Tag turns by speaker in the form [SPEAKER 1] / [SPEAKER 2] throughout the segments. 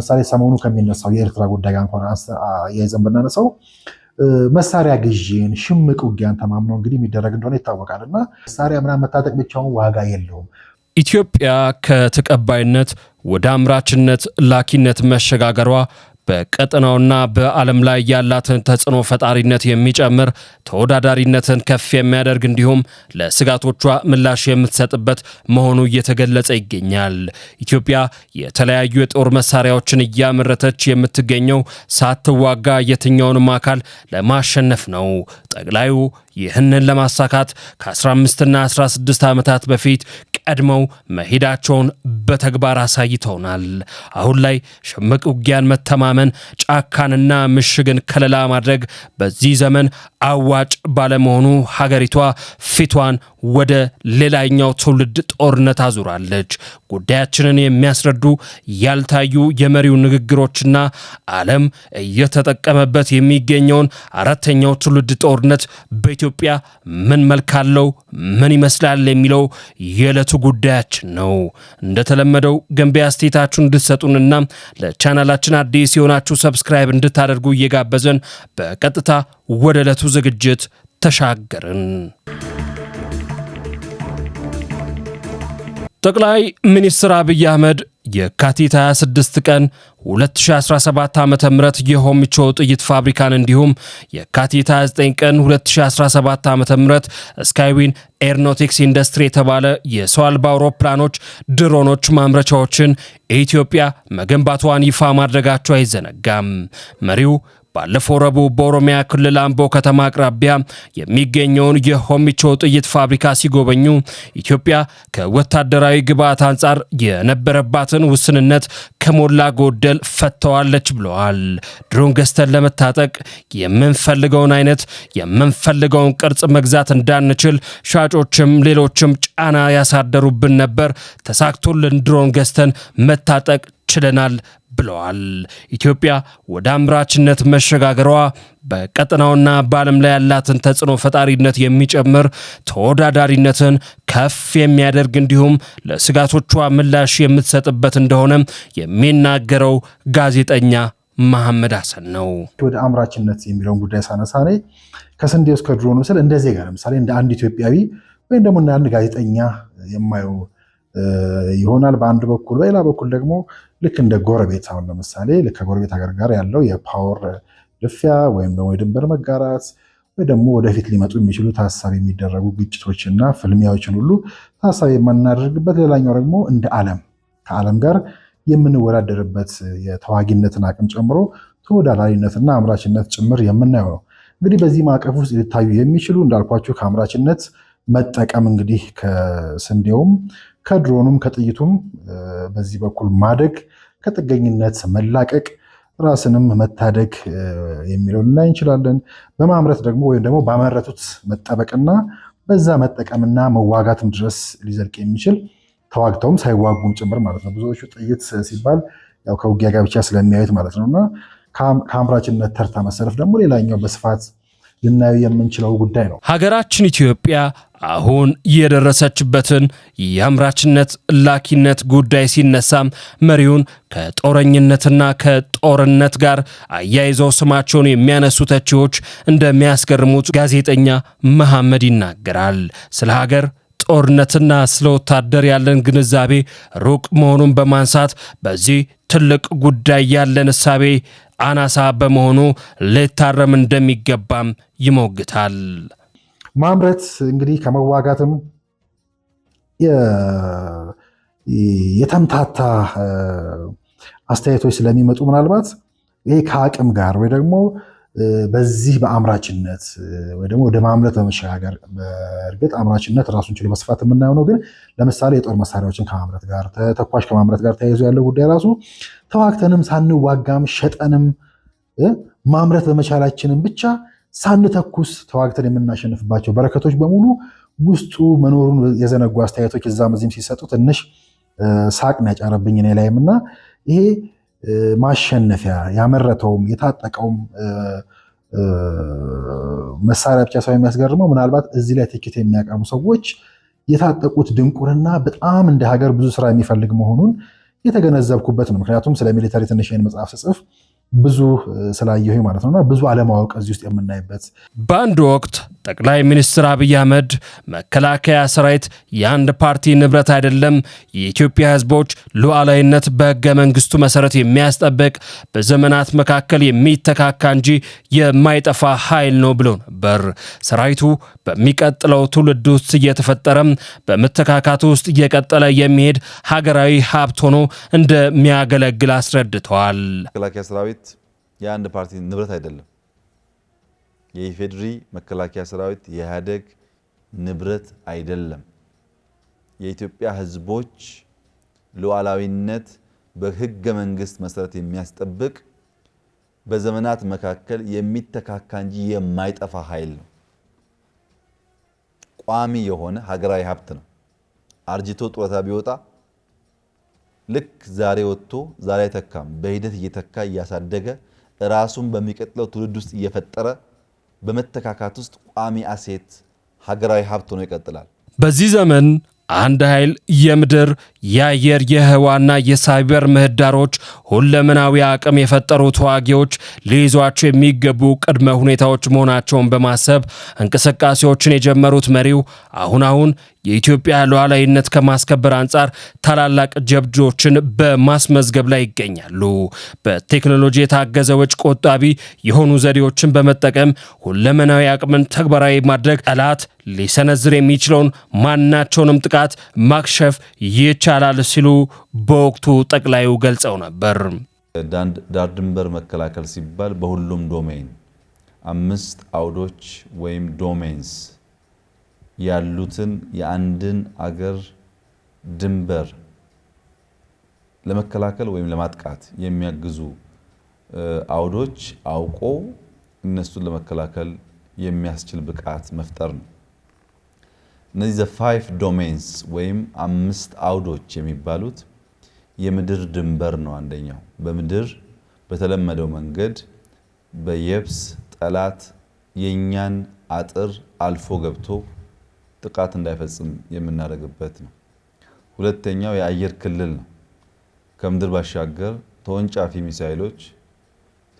[SPEAKER 1] ለምሳሌ ሰሞኑ ከሚነሳው የኤርትራ ጉዳይ ጋር እንኳን አያይዘን ብናነሳው መሳሪያ ግዢን፣ ሽምቅ ውጊያን ተማምኖ እንግዲህ የሚደረግ እንደሆነ ይታወቃል። እና መሳሪያ ምናምን መታጠቅ ብቻውን ዋጋ የለውም።
[SPEAKER 2] ኢትዮጵያ ከተቀባይነት ወደ አምራችነት ላኪነት መሸጋገሯ በቀጠናውና በዓለም ላይ ያላትን ተጽዕኖ ፈጣሪነት የሚጨምር ተወዳዳሪነትን ከፍ የሚያደርግ እንዲሁም ለስጋቶቿ ምላሽ የምትሰጥበት መሆኑ እየተገለጸ ይገኛል። ኢትዮጵያ የተለያዩ የጦር መሳሪያዎችን እያመረተች የምትገኘው ሳትዋጋ የትኛውንም አካል ለማሸነፍ ነው። ጠቅላዩ ይህንን ለማሳካት ከ15ና 16 ዓመታት በፊት ቀድመው መሄዳቸውን በተግባር አሳይተውናል። አሁን ላይ ሽምቅ ውጊያን መተማመን፣ ጫካንና ምሽግን ከለላ ማድረግ በዚህ ዘመን አዋጭ ባለመሆኑ ሀገሪቷ ፊቷን ወደ ሌላኛው ትውልድ ጦርነት አዙራለች። ጉዳያችንን የሚያስረዱ ያልታዩ የመሪው ንግግሮችና ዓለም እየተጠቀመበት የሚገኘውን አራተኛው ትውልድ ጦርነት በኢትዮ ኢትዮጵያ ምን መልክ አለው፣ ምን ይመስላል የሚለው የዕለቱ ጉዳያችን ነው። እንደተለመደው ገንቢ አስተያየታችሁን እንድትሰጡንና ለቻናላችን አዲስ የሆናችሁ ሰብስክራይብ እንድታደርጉ እየጋበዘን በቀጥታ ወደ ዕለቱ ዝግጅት ተሻገርን። ጠቅላይ ሚኒስትር አብይ አህመድ የካቲት 26 ቀን 2017 ዓ ም የሆሚቾ ጥይት ፋብሪካን እንዲሁም የካቲት 29 ቀን 2017 ዓ ም ስካይዊን ኤርኖቲክስ ኢንዱስትሪ የተባለ የሰው አልባ አውሮፕላኖች፣ ድሮኖች ማምረቻዎችን ኢትዮጵያ መገንባቷን ይፋ ማድረጋቸው አይዘነጋም። መሪው ባለፈው ረቡዕ በኦሮሚያ ክልል አምቦ ከተማ አቅራቢያ የሚገኘውን የሆሚቾ ጥይት ፋብሪካ ሲጎበኙ ኢትዮጵያ ከወታደራዊ ግብዓት አንጻር የነበረባትን ውስንነት ከሞላ ጎደል ፈተዋለች ብለዋል። ድሮን ገዝተን ለመታጠቅ የምንፈልገውን አይነት የምንፈልገውን ቅርጽ መግዛት እንዳንችል ሻጮችም ሌሎችም ጫና ያሳደሩብን ነበር። ተሳክቶልን ድሮን ገዝተን መታጠቅ ችለናል ብለዋል። ኢትዮጵያ ወደ አምራችነት መሸጋገሯ በቀጠናውና በዓለም ላይ ያላትን ተጽዕኖ ፈጣሪነት የሚጨምር ተወዳዳሪነትን ከፍ የሚያደርግ እንዲሁም ለስጋቶቿ ምላሽ የምትሰጥበት እንደሆነ የሚናገረው ጋዜጠኛ መሐመድ ሀሰን ነው።
[SPEAKER 1] ወደ አምራችነት የሚለውን ጉዳይ ሳነሳ እኔ ከስንዴ ውስጥ ከድሮን ምስል እንደ ዜጋ ለምሳሌ እንደ አንድ ኢትዮጵያዊ ወይም ደግሞ እንደ አንድ ጋዜጠኛ የማየው ይሆናል በአንድ በኩል በሌላ በኩል ደግሞ ልክ እንደ ጎረቤት አሁን ለምሳሌ ከጎረቤት ሀገር ጋር ያለው የፓወር ልፊያ ወይም ደግሞ የድንበር መጋራት ወይ ደግሞ ወደፊት ሊመጡ የሚችሉ ታሳቢ የሚደረጉ ግጭቶችና ፍልሚያዎችን ሁሉ ታሳቢ የማናደርግበት፣ ሌላኛው ደግሞ እንደ ዓለም ከዓለም ጋር የምንወዳደርበት የተዋጊነትን አቅም ጨምሮ ተወዳዳሪነትና አምራችነት ጭምር የምናየው ነው። እንግዲህ በዚህ ማዕቀፍ ውስጥ ሊታዩ የሚችሉ እንዳልኳችሁ ከአምራችነት መጠቀም እንግዲህ ከስንዴውም ከድሮኑም ከጥይቱም በዚህ በኩል ማደግ፣ ከጥገኝነት መላቀቅ፣ ራስንም መታደግ የሚለውን ልናይ እንችላለን። በማምረት ደግሞ ወይም ደግሞ ባመረቱት መጠበቅና በዛ መጠቀምና መዋጋትም ድረስ ሊዘልቅ የሚችል ተዋግተውም ሳይዋጉም ጭምር ማለት ነው። ብዙዎቹ ጥይት ሲባል ያው ከውጊያ ጋር ብቻ ስለሚያዩት ማለት ነው እና ከአምራችነት ተርታ መሰለፍ ደግሞ ሌላኛው በስፋት ልናየው የምንችለው ጉዳይ ነው።
[SPEAKER 2] ሀገራችን ኢትዮጵያ አሁን የደረሰችበትን የአምራችነት ላኪነት ጉዳይ ሲነሳም መሪውን ከጦረኝነትና ከጦርነት ጋር አያይዘው ስማቸውን የሚያነሱ ተቺዎች እንደሚያስገርሙት ጋዜጠኛ መሐመድ ይናገራል። ስለ ሀገር ጦርነትና ስለ ወታደር ያለን ግንዛቤ ሩቅ መሆኑን በማንሳት በዚህ ትልቅ ጉዳይ ያለን እሳቤ አናሳ በመሆኑ ሊታረም እንደሚገባም ይሞግታል።
[SPEAKER 1] ማምረት እንግዲህ ከመዋጋትም የተምታታ አስተያየቶች ስለሚመጡ ምናልባት ይሄ ከአቅም ጋር ወይ ደግሞ በዚህ በአምራችነት ወይ ደግሞ ወደ ማምረት በመሸጋገር በእርግጥ አምራችነት ራሱን ችሎ መስፋት የምናየው ነው። ግን ለምሳሌ የጦር መሳሪያዎችን ከማምረት ጋር ተኳሽ ከማምረት ጋር ተያይዞ ያለው ጉዳይ ራሱ ተዋግተንም ሳንዋጋም ሸጠንም ማምረት በመቻላችንም ብቻ ሳንተኩስ ተዋግተን የምናሸንፍባቸው በረከቶች በሙሉ ውስጡ መኖሩን የዘነጉ አስተያየቶች እዛም እዚህም ሲሰጡ ትንሽ ሳቅን ያጫረብኝ እኔ ላይም እና ይሄ ማሸነፊያ ያመረተውም የታጠቀውም መሳሪያ ብቻ ሰው የሚያስገርመው ምናልባት እዚህ ላይ ትኬት የሚያቀርቡ ሰዎች የታጠቁት ድንቁርና በጣም እንደ ሀገር ብዙ ስራ የሚፈልግ መሆኑን የተገነዘብኩበት ነው። ምክንያቱም ስለ ሚሊተሪ ትንሽ ይህን መጽሐፍ ስጽፍ ብዙ ስላየሁኝ ማለት ነውና ብዙ አለማወቅ እዚህ ውስጥ የምናይበት
[SPEAKER 2] በአንድ ወቅት ጠቅላይ ሚኒስትር አብይ አህመድ መከላከያ ሰራዊት የአንድ ፓርቲ ንብረት አይደለም፣ የኢትዮጵያ ህዝቦች ሉዓላዊነት በህገ መንግስቱ መሰረት የሚያስጠብቅ በዘመናት መካከል የሚተካካ እንጂ የማይጠፋ ኃይል ነው ብሎ ነበር። ሰራዊቱ በሚቀጥለው ትውልድ ውስጥ እየተፈጠረም በመተካካቱ ውስጥ እየቀጠለ የሚሄድ ሀገራዊ ሀብት ሆኖ እንደሚያገለግል አስረድተዋል።
[SPEAKER 3] መከላከያ ሰራዊት የአንድ ፓርቲ ንብረት አይደለም የኢፌድሪ መከላከያ ሰራዊት የኢህአዴግ ንብረት አይደለም። የኢትዮጵያ ህዝቦች ሉዓላዊነት በህገ መንግስት መሰረት የሚያስጠብቅ በዘመናት መካከል የሚተካካ እንጂ የማይጠፋ ኃይል ነው። ቋሚ የሆነ ሀገራዊ ሀብት ነው። አርጅቶ ጡረታ ቢወጣ ልክ ዛሬ ወጥቶ ዛሬ አይተካም። በሂደት እየተካ እያሳደገ ራሱን በሚቀጥለው ትውልድ ውስጥ እየፈጠረ በመተካካት ውስጥ ቋሚ አሴት ሀገራዊ ሀብት ሆኖ ይቀጥላል።
[SPEAKER 2] በዚህ ዘመን አንድ ኃይል የምድር የአየር የህዋና የሳይበር ምህዳሮች ሁለመናዊ አቅም የፈጠሩ ተዋጊዎች ሊይዟቸው የሚገቡ ቅድመ ሁኔታዎች መሆናቸውን በማሰብ እንቅስቃሴዎችን የጀመሩት መሪው አሁን አሁን የኢትዮጵያ ሉዓላዊነት ከማስከበር አንጻር ታላላቅ ጀብዶችን በማስመዝገብ ላይ ይገኛሉ። በቴክኖሎጂ የታገዘ ወጪ ቆጣቢ የሆኑ ዘዴዎችን በመጠቀም ሁለመናዊ አቅምን ተግባራዊ ማድረግ ጠላት ሊሰነዝር የሚችለውን ማናቸውንም ጥቃት ጥቃት ማክሸፍ ይቻላል ሲሉ በወቅቱ ጠቅላዩ ገልጸው ነበር።
[SPEAKER 3] ዳር ድንበር መከላከል ሲባል በሁሉም ዶሜን አምስት አውዶች ወይም ዶሜንስ ያሉትን የአንድን አገር ድንበር ለመከላከል ወይም ለማጥቃት የሚያግዙ አውዶች አውቆ እነሱን ለመከላከል የሚያስችል ብቃት መፍጠር ነው። እነዚህ ዘ ፋይቭ ዶሜንስ ወይም አምስት አውዶች የሚባሉት የምድር ድንበር ነው። አንደኛው በምድር በተለመደው መንገድ በየብስ ጠላት የእኛን አጥር አልፎ ገብቶ ጥቃት እንዳይፈጽም የምናደርግበት ነው። ሁለተኛው የአየር ክልል ነው። ከምድር ባሻገር ተወንጫፊ ሚሳይሎች፣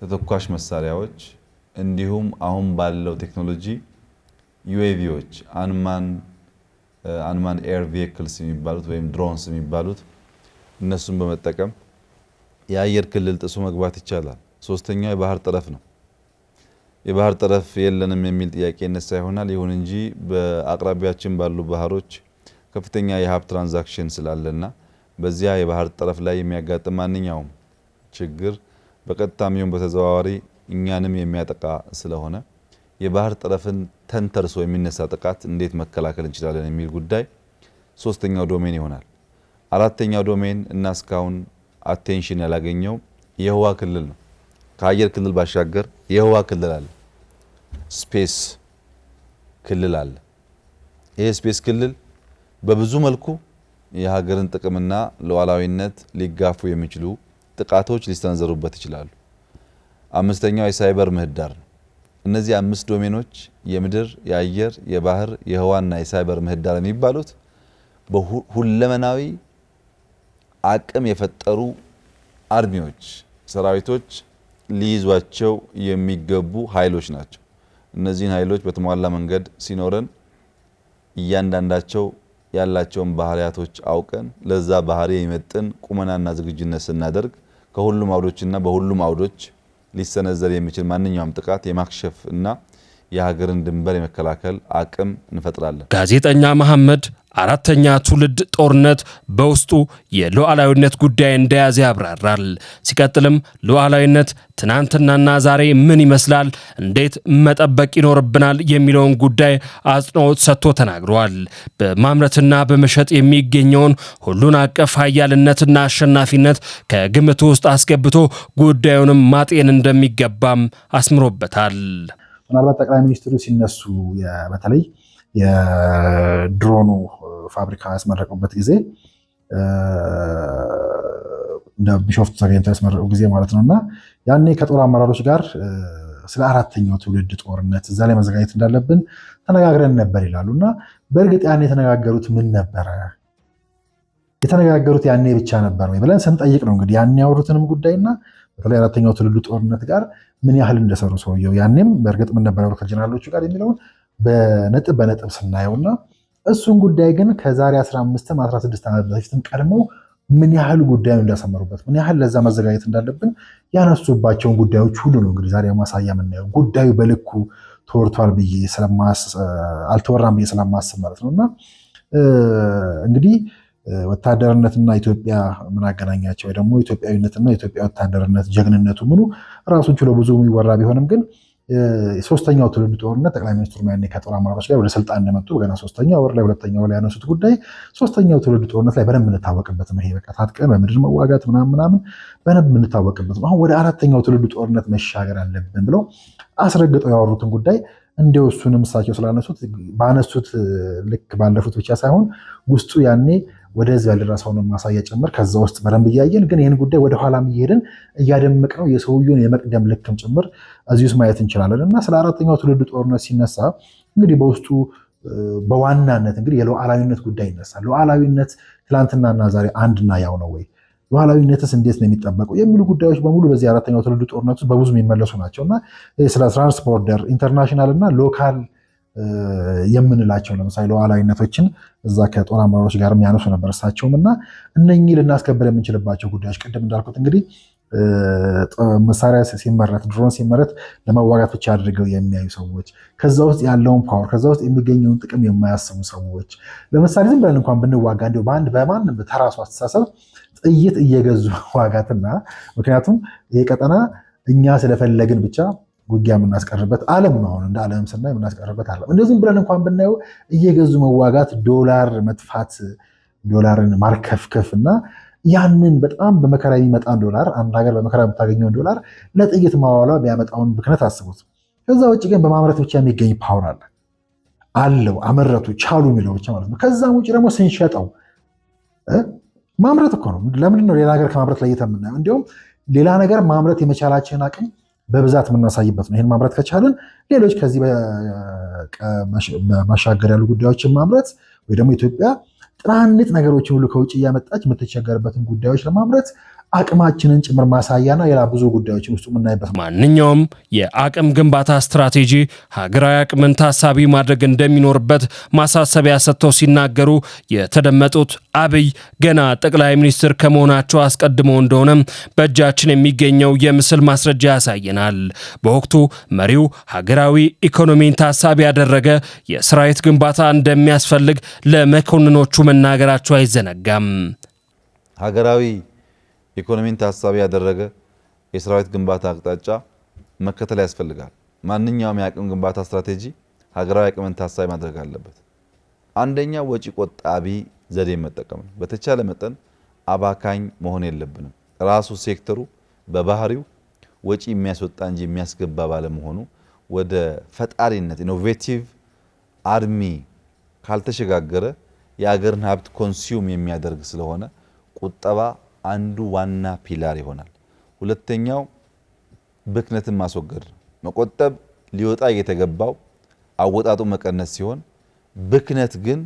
[SPEAKER 3] ተተኳሽ መሳሪያዎች እንዲሁም አሁን ባለው ቴክኖሎጂ ዩኤቪዎች አንማን አንማን ኤር ቬክልስ የሚባሉት ወይም ድሮንስ የሚባሉት እነሱን በመጠቀም የአየር ክልል ጥሶ መግባት ይቻላል። ሶስተኛው የባህር ጠረፍ ነው። የባህር ጠረፍ የለንም የሚል ጥያቄ ይነሳ ይሆናል። ይሁን እንጂ በአቅራቢያችን ባሉ ባህሮች ከፍተኛ የሀብት ትራንዛክሽን ስላለና በዚያ የባህር ጠረፍ ላይ የሚያጋጥም ማንኛውም ችግር በቀጥታም ይሁን በተዘዋዋሪ እኛንም የሚያጠቃ ስለሆነ የባህር ጠረፍን ተንተርሶ የሚነሳ ጥቃት እንዴት መከላከል እንችላለን የሚል ጉዳይ ሶስተኛው ዶሜን ይሆናል። አራተኛው ዶሜን እና እስካሁን አቴንሽን ያላገኘው የህዋ ክልል ነው። ከአየር ክልል ባሻገር የህዋ ክልል አለ፣ ስፔስ ክልል አለ። ይሄ ስፔስ ክልል በብዙ መልኩ የሀገርን ጥቅምና ሉዓላዊነት ሊጋፉ የሚችሉ ጥቃቶች ሊሰነዘሩበት ይችላሉ። አምስተኛው የሳይበር ምህዳር ነው። እነዚህ አምስት ዶሜኖች የምድር፣ የአየር፣ የባህር፣ የህዋና የሳይበር ምህዳር የሚባሉት በሁለመናዊ አቅም የፈጠሩ አርሚዎች፣ ሰራዊቶች ሊይዟቸው የሚገቡ ኃይሎች ናቸው። እነዚህን ኃይሎች በተሟላ መንገድ ሲኖረን እያንዳንዳቸው ያላቸውን ባህሪያቶች አውቀን ለዛ ባህሪ የሚመጥን ቁመናና ዝግጁነት ስናደርግ ከሁሉም አውዶችና በሁሉም አውዶች ሊሰነዘር የሚችል ማንኛውም ጥቃት የማክሸፍ እና የሀገርን ድንበር የመከላከል አቅም እንፈጥራለን።
[SPEAKER 2] ጋዜጠኛ መሐመድ አራተኛ ትውልድ ጦርነት በውስጡ የሉዓላዊነት ጉዳይ እንደያዘ ያብራራል። ሲቀጥልም ሉዓላዊነት ትናንትናና ዛሬ ምን ይመስላል፣ እንዴት መጠበቅ ይኖርብናል የሚለውን ጉዳይ አጽንኦት ሰጥቶ ተናግረዋል። በማምረትና በመሸጥ የሚገኘውን ሁሉን አቀፍ ሀያልነትና አሸናፊነት ከግምት ውስጥ አስገብቶ ጉዳዩንም ማጤን እንደሚገባም አስምሮበታል።
[SPEAKER 1] ምናልባት ጠቅላይ ሚኒስትሩ ሲነሱ በተለይ የድሮኑ ፋብሪካ ያስመረቁበት ጊዜ እንደ ቢሾፍቱ ተገኝተው ያስመረቁ ጊዜ ማለት ነው እና ያኔ ከጦር አመራሮች ጋር ስለ አራተኛው ትውልድ ጦርነት እዛ ላይ መዘጋጀት እንዳለብን ተነጋግረን ነበር ይላሉ እና በእርግጥ ያኔ የተነጋገሩት ምን ነበረ? የተነጋገሩት ያኔ ብቻ ነበር ወይ ብለን ስንጠይቅ ነው እንግዲህ ያኔ ያወሩትንም ጉዳይና በተለይ አራተኛው ትውልድ ጦርነት ጋር ምን ያህል እንደሰሩ ሰውየው ያኔም በእርግጥ ምን ነበር ያወሩት ከጀነራሎቹ ጋር የሚለውን በነጥብ በነጥብ ስናየውና እሱን ጉዳይ ግን ከዛሬ 15ም 16 ዓመት በፊትም ቀድመው ምን ያህል ጉዳዩን እንዳሰመሩበት ምን ያህል ለዛ መዘጋጀት እንዳለብን ያነሱባቸውን ጉዳዮች ሁሉ ነው እንግዲህ ዛሬ ማሳያ የምናየው። ጉዳዩ በልኩ ተወርቷል ብዬ አልተወራም ብዬ ስለማስብ ማለት ነው። እና እንግዲህ ወታደርነትና ኢትዮጵያ ምን አገናኛቸው? ደግሞ ኢትዮጵያዊነትና ኢትዮጵያ ወታደርነት ጀግንነቱ ምኑ ራሱን ችሎ ብዙ የሚወራ ቢሆንም ግን ሶስተኛው ትውልድ ጦርነት ጠቅላይ ሚኒስትሩ ያኔ ከጦር አመራሮች ጋር ወደ ስልጣን እንደመጡ ገና ሶስተኛው ወር ላይ ሁለተኛው ላይ ያነሱት ጉዳይ ሶስተኛው ትውልድ ጦርነት ላይ በደንብ እንታወቅበት ነው። ይሄ በቃ ታጥቀን በምድር መዋጋት ምናምን ምናምን በደንብ እንታወቅበት ነው። አሁን ወደ አራተኛው ትውልድ ጦርነት መሻገር አለብን ብለው አስረግጠው ያወሩትን ጉዳይ እንዲያው እሱንም እሳቸው ስላነሱት ባነሱት ልክ ባለፉት ብቻ ሳይሆን ውስጡ ያኔ ወደዚህ ያልደረሰውን ማሳያ ጭምር ከዛ ውስጥ በደንብ እያየን ግን ይህን ጉዳይ ወደ ኋላ እየሄድን እያደመቅ ነው የሰውየውን የመቅደም ልክም ጭምር እዚህ ውስጥ ማየት እንችላለን እና ስለ አራተኛው ትውልድ ጦርነት ሲነሳ እንግዲህ በውስጡ በዋናነት እንግዲህ የሉዓላዊነት ጉዳይ ይነሳል። ሉዓላዊነት ትላንትናና ዛሬ አንድና ያው ነው ወይ? ሉዓላዊነትስ እንዴት ነው የሚጠበቀው? የሚሉ ጉዳዮች በሙሉ በዚህ አራተኛው ትውልድ ጦርነት በብዙ የሚመለሱ ናቸው እና ስለ ትራንስቦርደር ኢንተርናሽናል እና ሎካል የምንላቸው ለምሳሌ ሉዓላዊነቶችን እዛ ከጦር አመራሮች ጋር የሚያነሱ ነበር እሳቸውም እና እነኚህ ልናስከበር የምንችልባቸው ጉዳዮች ቅድም እንዳልኩት እንግዲህ መሳሪያ ሲመረት ድሮን ሲመረት ለመዋጋት ብቻ አድርገው የሚያዩ ሰዎች፣ ከዛ ውስጥ ያለውን ፓወር፣ ከዛ ውስጥ የሚገኘውን ጥቅም የማያስቡ ሰዎች ለምሳሌ ዝም ብለን እንኳን ብንዋጋ እንዲሁ በአንድ በማንም በተራሱ አስተሳሰብ ጥይት እየገዙ ዋጋትና ምክንያቱም ይህ ቀጠና እኛ ስለፈለግን ብቻ ውጊያ የምናስቀርበት ዓለም አሁን እንደ ዓለም ስናይ የምናስቀርበት ዓለም እንደዚህም ብለን እንኳን ብናየው እየገዙ መዋጋት፣ ዶላር መጥፋት፣ ዶላርን ማርከፍከፍ እና ያንን በጣም በመከራ የሚመጣን ዶላር አንድ ሀገር በመከራ የምታገኘውን ዶላር ለጥይት ማዋሏ ቢያመጣውን ብክነት አስቡት። ከዛ ውጭ ግን በማምረት ብቻ የሚገኝ ፓወር አለ አለው አመረቱ ቻሉ የሚለው ብቻ ማለት ነው። ከዛም ውጭ ደግሞ ስንሸጠው ማምረት እኮ ነው። ለምንድን ነው ሌላ ነገር ከማምረት ለይተን የምናየው? እንዲሁም ሌላ ነገር ማምረት የመቻላችንን አቅም በብዛት የምናሳይበት ነው። ይህን ማምረት ከቻልን ሌሎች ከዚህ በማሻገር ያሉ ጉዳዮችን ማምረት ወይ ደግሞ ኢትዮጵያ ትላልቅ ነገሮችን ሁሉ ከውጭ እያመጣች የምትቸገርበትን ጉዳዮች ለማምረት አቅማችንን ጭምር ማሳያና ሌላ ብዙ ጉዳዮችን ውስጥ የምናይበት
[SPEAKER 2] ማንኛውም የአቅም ግንባታ ስትራቴጂ ሀገራዊ አቅምን ታሳቢ ማድረግ እንደሚኖርበት ማሳሰቢያ ሰጥተው ሲናገሩ የተደመጡት አብይ ገና ጠቅላይ ሚኒስትር ከመሆናቸው አስቀድሞ እንደሆነም በእጃችን የሚገኘው የምስል ማስረጃ ያሳየናል። በወቅቱ መሪው ሀገራዊ ኢኮኖሚን ታሳቢ ያደረገ የሰራዊት ግንባታ እንደሚያስፈልግ ለመኮንኖቹ መናገራቸው አይዘነጋም።
[SPEAKER 3] ሀገራዊ ኢኮኖሚን ታሳቢ ያደረገ የሰራዊት ግንባታ አቅጣጫ መከተል ያስፈልጋል። ማንኛውም የአቅም ግንባታ ስትራቴጂ ሀገራዊ አቅምን ታሳቢ ማድረግ አለበት። አንደኛ ወጪ ቆጣቢ ዘዴ መጠቀም ነው። በተቻለ መጠን አባካኝ መሆን የለብንም። ራሱ ሴክተሩ በባህሪው ወጪ የሚያስወጣ እንጂ የሚያስገባ ባለመሆኑ ወደ ፈጣሪነት ኢኖቬቲቭ አርሚ ካልተሸጋገረ የአገርን ሀብት ኮንሱም የሚያደርግ ስለሆነ ቁጠባ አንዱ ዋና ፒላር ይሆናል። ሁለተኛው ብክነትን ማስወገድ ነው። መቆጠብ ሊወጣ እየተገባው አወጣጡ መቀነስ ሲሆን ብክነት ግን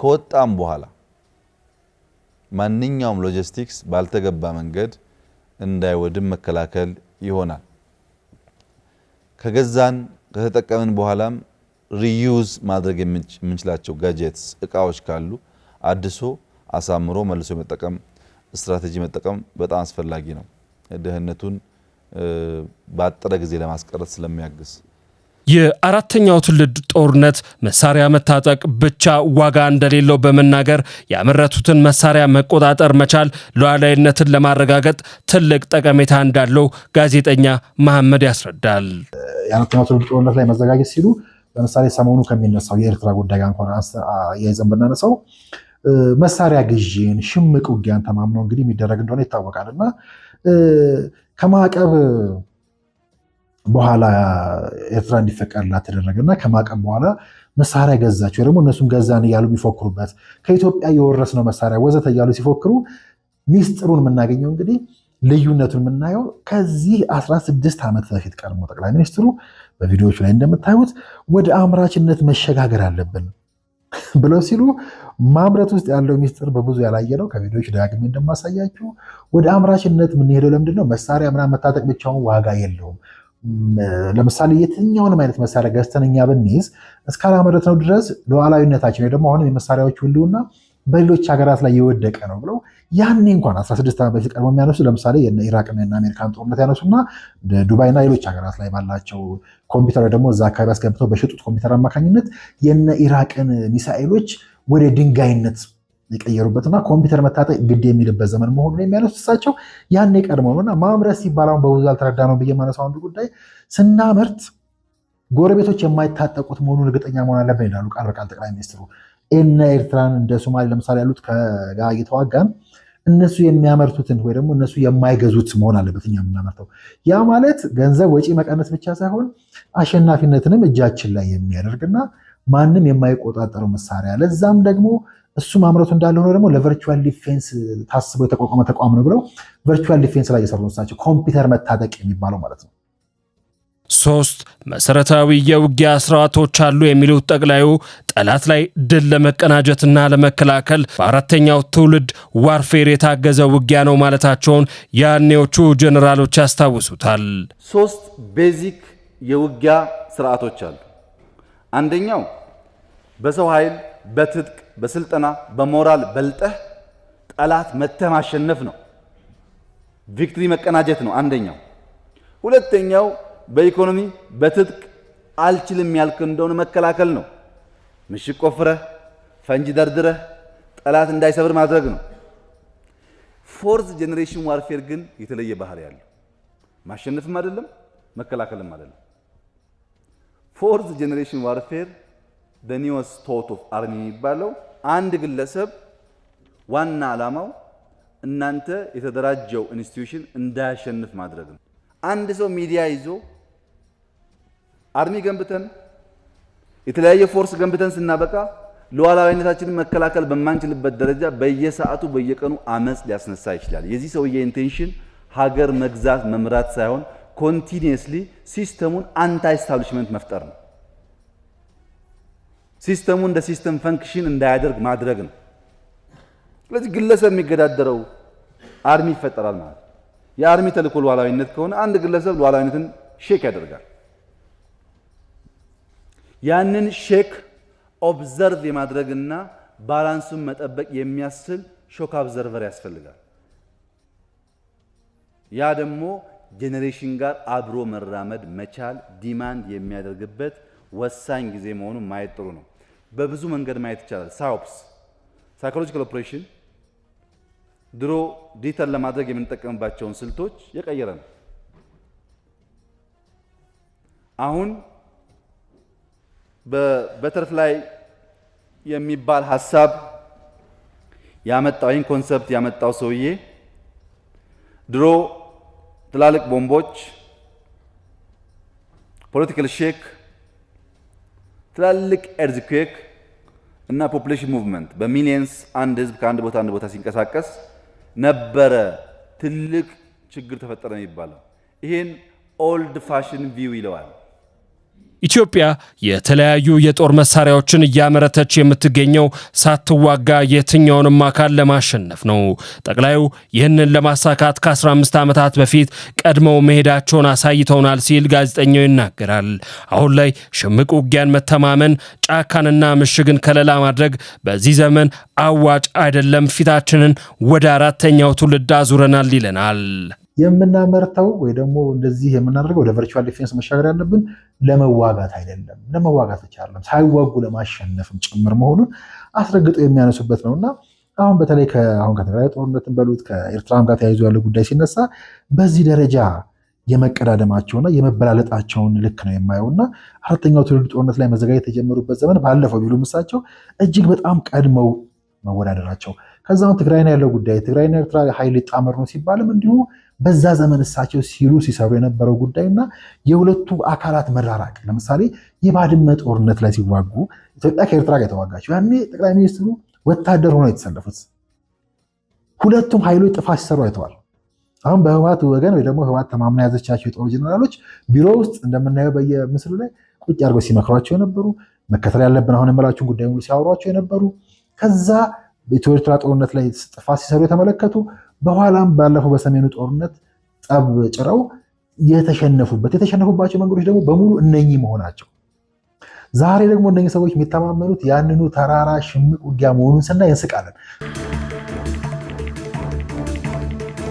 [SPEAKER 3] ከወጣም በኋላ ማንኛውም ሎጂስቲክስ ባልተገባ መንገድ እንዳይወድም መከላከል ይሆናል። ከገዛን ከተጠቀምን በኋላም ሪዩዝ ማድረግ የምንችላቸው ጋጀትስ እቃዎች ካሉ አድሶ አሳምሮ መልሶ መጠቀም ስትራቴጂ መጠቀም በጣም አስፈላጊ ነው። ድህነቱን በአጠረ ጊዜ ለማስቀረት ስለሚያግዝ
[SPEAKER 2] የአራተኛው ትውልድ ጦርነት መሳሪያ መታጠቅ ብቻ ዋጋ እንደሌለው በመናገር ያመረቱትን መሳሪያ መቆጣጠር መቻል ሉዓላዊነትን ለማረጋገጥ ትልቅ ጠቀሜታ እንዳለው ጋዜጠኛ መሐመድ ያስረዳል።
[SPEAKER 1] የአራተኛው ትውልድ ጦርነት ላይ መዘጋጀት ሲሉ ለምሳሌ ሰሞኑ ከሚነሳው የኤርትራ ጉዳይ ጋር እንኳን አያይዘን ብናነሳው መሳሪያ ግዢን፣ ሽምቅ ውጊያን ተማምነው እንግዲህ የሚደረግ እንደሆነ ይታወቃል እና ከማዕቀብ በኋላ ኤርትራ እንዲፈቀድላት ተደረገ እና ከማዕቀብ በኋላ መሳሪያ ገዛቸው ደግሞ እነሱም ገዛን እያሉ የሚፎክሩበት ከኢትዮጵያ የወረስነው መሳሪያ ወዘተ እያሉ ሲፎክሩ ሚስጥሩን የምናገኘው እንግዲህ ልዩነቱን የምናየው ከዚህ 16 ዓመት በፊት ቀድሞ ጠቅላይ ሚኒስትሩ በቪዲዮዎቹ ላይ እንደምታዩት ወደ አምራችነት መሸጋገር አለብን ብለው ሲሉ ማምረት ውስጥ ያለው ሚስጥር በብዙ ያላየ ነው። ከቪዲዮች ዳግሜ እንደማሳያችሁ ወደ አምራችነት የምንሄደው ለምንድን ነው? መሳሪያ ምናምን መታጠቅ ብቻውን ዋጋ የለውም። ለምሳሌ የትኛውንም አይነት መሳሪያ ገዝተን እኛ ብንይዝ እስካላመረት ነው ድረስ ሉዓላዊነታችን ወይ ደግሞ አሁንም የመሳሪያዎች ሁሉና በሌሎች ሀገራት ላይ የወደቀ ነው ብለው ያኔ እንኳን 16 ዓመት በፊት ቀድሞ የሚያነሱ ለምሳሌ ኢራቅና አሜሪካን ጦርነት ያነሱና ዱባይና ሌሎች ሀገራት ላይ ባላቸው ኮምፒውተር ደግሞ እዛ አካባቢ አስገብተው በሸጡት ኮምፒውተር አማካኝነት የነ ኢራቅን ሚሳኤሎች ወደ ድንጋይነት የቀየሩበትና ኮምፒውተር መታጠቅ ግድ የሚልበት ዘመን መሆኑን የሚያነሱ እሳቸው ያኔ ቀድሞ ነው እና ማምረት ሲባል አሁን በብዙ አልተረዳ ነው ብዬ የማነሳው አንዱ ጉዳይ ስናመርት ጎረቤቶች የማይታጠቁት መሆኑን እርግጠኛ መሆን አለብን ይላሉ ቃል በቃል ጠቅላይ ሚኒስትሩ። እነ ኤርትራን እንደ ሶማሌ ለምሳሌ ያሉት ከጋ እየተዋጋን እነሱ የሚያመርቱትን ወይ ደግሞ እነሱ የማይገዙት መሆን አለበት እኛ የምናመርተው። ያ ማለት ገንዘብ ወጪ መቀነስ ብቻ ሳይሆን አሸናፊነትንም እጃችን ላይ የሚያደርግና ማንም የማይቆጣጠረው መሳሪያ ለዛም ደግሞ እሱ ማምረቱ እንዳለ ሆኖ ደግሞ ለቨርቹዋል ዲፌንስ ታስበው የተቋቋመ ተቋም ነው ብለው ቨርቹዋል ዲፌንስ ላይ የሰሩ ነው ኮምፒውተር መታጠቅ የሚባለው ማለት ነው።
[SPEAKER 2] ሶስት መሰረታዊ የውጊያ ስርዓቶች አሉ የሚሉት ጠቅላዩ ጠላት ላይ ድል ለመቀናጀትና ለመከላከል በአራተኛው ትውልድ ዋርፌር የታገዘ ውጊያ ነው ማለታቸውን ያኔዎቹ ጀኔራሎች ያስታውሱታል።
[SPEAKER 3] ሶስት ቤዚክ የውጊያ ስርዓቶች አሉ። አንደኛው በሰው ኃይል፣ በትጥቅ፣ በስልጠና፣ በሞራል በልጠህ ጠላት መተህ ማሸነፍ ነው። ቪክትሪ መቀናጀት ነው አንደኛው። ሁለተኛው በኢኮኖሚ በትጥቅ አልችልም ያልክ እንደሆነ መከላከል ነው። ምሽግ ቆፍረህ ፈንጅ ደርድረህ ጠላት እንዳይሰብር ማድረግ ነው። ፎርዝ ጄኔሬሽን ዋርፌር ግን የተለየ ባህሪ ያለው ማሸነፍም አይደለም መከላከልም አይደለም። ፎርዝ ጄኔሬሽን ዋርፌር ኒወስ ቶት ኦፍ አርሚ የሚባለው አንድ ግለሰብ ዋና ዓላማው እናንተ የተደራጀው ኢንስቲትዩሽን እንዳያሸንፍ ማድረግ ነው። አንድ ሰው ሚዲያ ይዞ አርሚ ገንብተን የተለያየ ፎርስ ገንብተን ስናበቃ ሉዓላዊነታችንን መከላከል በማንችልበት ደረጃ በየሰዓቱ በየቀኑ አመፅ ሊያስነሳ ይችላል። የዚህ ሰውዬ ኢንቴንሽን ሀገር መግዛት መምራት ሳይሆን ኮንቲኒየስሊ ሲስተሙን አንታይ ስታብሊሽመንት መፍጠር ነው። ሲስተሙ እንደ ሲስተም ፈንክሽን እንዳያደርግ ማድረግ ነው። ስለዚህ ግለሰብ የሚገዳደረው አርሚ ይፈጠራል ማለት የአርሚ ተልእኮ ሉዓላዊነት ከሆነ አንድ ግለሰብ ሉዓላዊነትን ሼክ ያደርጋል። ያንን ሼክ ኦብዘርቭ የማድረግና ባላንሱን መጠበቅ የሚያስችል ሾክ ኦብዘርቨር ያስፈልጋል። ያ ደግሞ ጄኔሬሽን ጋር አብሮ መራመድ መቻል ዲማንድ የሚያደርግበት ወሳኝ ጊዜ መሆኑን ማየት ጥሩ ነው። በብዙ መንገድ ማየት ይቻላል። ሳውፕስ ሳይኮሎጂካል ኦፕሬሽን ድሮ ዲተር ለማድረግ የምንጠቀምባቸውን ስልቶች የቀየረ ነው። አሁን ላይ የሚባል ሀሳብ ያመጣው ይህን ኮንሰፕት ያመጣው ሰውዬ ድሮ ትላልቅ ቦምቦች፣ ፖለቲካል ሼክ፣ ትላልቅ ኤርዝኩዌክ እና ፖፑሌሽን ሙቭመንት በሚሊየንስ አንድ ህዝብ ከአንድ ቦታ አንድ ቦታ ሲንቀሳቀስ ነበረ። ትልቅ ችግር ተፈጠረ ነው ይባላል። ይህን ኦልድ ፋሽን ቪው ይለዋል።
[SPEAKER 2] ኢትዮጵያ የተለያዩ የጦር መሳሪያዎችን እያመረተች የምትገኘው ሳትዋጋ የትኛውንም አካል ለማሸነፍ ነው። ጠቅላዩ ይህንን ለማሳካት ከ15 ዓመታት በፊት ቀድመው መሄዳቸውን አሳይተውናል ሲል ጋዜጠኛው ይናገራል። አሁን ላይ ሽምቅ ውጊያን መተማመን፣ ጫካንና ምሽግን ከለላ ማድረግ በዚህ ዘመን አዋጭ አይደለም፣ ፊታችንን ወደ አራተኛው ትውልድ አዙረናል ይለናል።
[SPEAKER 1] የምናመርተው ወይ ደግሞ እንደዚህ የምናደርገው ወደ ቨርቹዋል ዲፌንስ መሻገር ያለብን ለመዋጋት አይደለም። ለመዋጋት ብቻ አይደለም፣ ሳይዋጉ ለማሸነፍም ጭምር መሆኑን አስረግጠው የሚያነሱበት ነው እና አሁን በተለይ አሁን ከትግራይ ጦርነትን በሉት ከኤርትራም ጋር ተያይዞ ያለ ጉዳይ ሲነሳ በዚህ ደረጃ የመቀዳደማቸውና የመበላለጣቸውን ልክ ነው የማየው እና አራተኛው ትውልድ ጦርነት ላይ መዘጋጀት የጀመሩበት ዘመን ባለፈው ቢሉም ምሳቸው እጅግ በጣም ቀድመው መወዳደራቸው ከዛም ትግራይና ያለው ጉዳይ ትግራይና ኤርትራ ኃይል ሊጣመር ነው ሲባልም እንዲሁ በዛ ዘመን እሳቸው ሲሉ ሲሰሩ የነበረው ጉዳይና የሁለቱ አካላት መራራቅ፣ ለምሳሌ የባድመ ጦርነት ላይ ሲዋጉ ኢትዮጵያ ከኤርትራ ጋር የተዋጋቸው ያኔ ጠቅላይ ሚኒስትሩ ወታደር ሆነው የተሰለፉት ሁለቱም ኃይሎች ጥፋት ሲሰሩ አይተዋል። አሁን በህወሓት ወገን ወይ ደግሞ ህወሓት ተማምና ያዘቻቸው የጦር ጀነራሎች ቢሮ ውስጥ እንደምናየው በየምስሉ ላይ ቁጭ አድርገው ሲመክሯቸው የነበሩ መከተል ያለብን አሁን የምላችሁን ጉዳይ ሙሉ ሲያወሯቸው የነበሩ ከዛ የኤርትራ ጦርነት ላይ ጥፋት ሲሰሩ የተመለከቱ በኋላም ባለፈው በሰሜኑ ጦርነት ጠብ ጭረው የተሸነፉበት የተሸነፉባቸው መንገዶች ደግሞ በሙሉ እነኚህ መሆናቸው ዛሬ ደግሞ እነኚህ ሰዎች የሚተማመኑት ያንኑ ተራራ ሽምቅ ውጊያ መሆኑን ስናይ እንስቃለን።